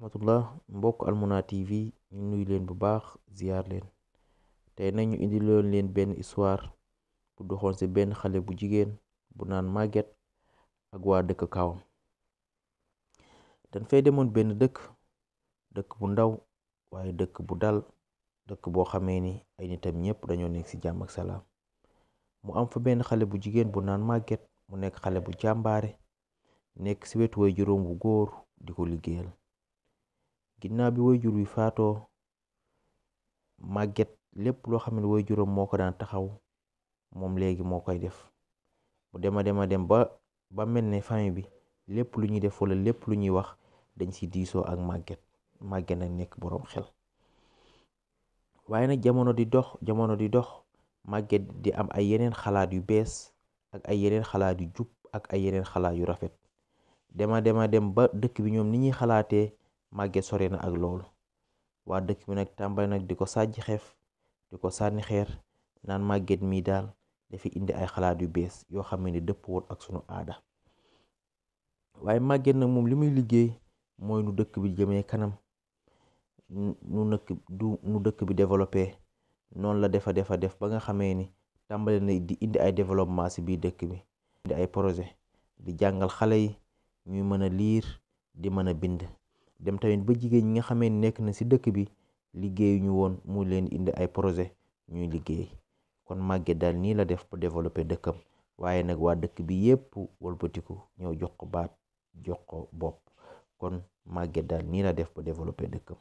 rahmatullah mbokk Almuna TV ñu nuyu leen bu baax ziyaar leen tey nañu indi leen benn histoire bu doxoon ci benn xale bu jigéen bu naan Maguette ak waa dëkk kawam dañ fay demoon benn dëkk dëkk bu ndaw waaye dëkk bu dal dëkk boo xamee ni ay nitam ñëpp dañoo nekk ci jàmm ak salaam mu am fa benn xale bu jigéen bu naan Maguette mu nekk xale bu jàmbaare nekk ci wetu way juróom bu góor di ko liggéeyal ginnaaw bi wayjur wi faatoo màgget lépp loo xam ne wayjuram moo ko daan taxaw moom léegi moo koy def mu dem a dem a dem ba ba mel ne famille bi lépp lu ñuy def wala lépp lu ñuy wax dañ si diisoo ak màgget màgget nag nekk boroom xel waaye nag jamono di dox jamono di dox màgget di am ay yeneen xalaat yu bees ak ay yeneen xalaat yu jub ak ay yeneen xalaat yu rafet dema dema dem ba dëkk bi ñoom ni ñuy xalaatee màgget sore na ak loolu waa dëkk bi nag tàmbali nag di ko sàjj xeef di ko sànni xeer naan màgget mii daal dafi indi ay xalaat yu bees yoo xam ni dëpp woon ak sunu aada waaye màgget nag moom li muy liggéey mooy nu dëkk bi jëmee kanam nu du nu dëkk bi développé noonu la defa defa def ba nga xamee ni tàmbali na di indi ay développement si bii dëkk bi indi ay projet di jàngal xale yi ñuy mën a liir di mën a bind dem tamit ba jigéen ñi nga xamee nekk na si dëkk bi liggéeyuñu woon mu leen indi ay projet ñuy liggéey kon màgget daal nii la def pour développer dëkkam waaye nag waa dëkk bi yépp walbatiku ñëw jox ko baat jox ko bopp kon màgget daal nii la def pour développer dëkkam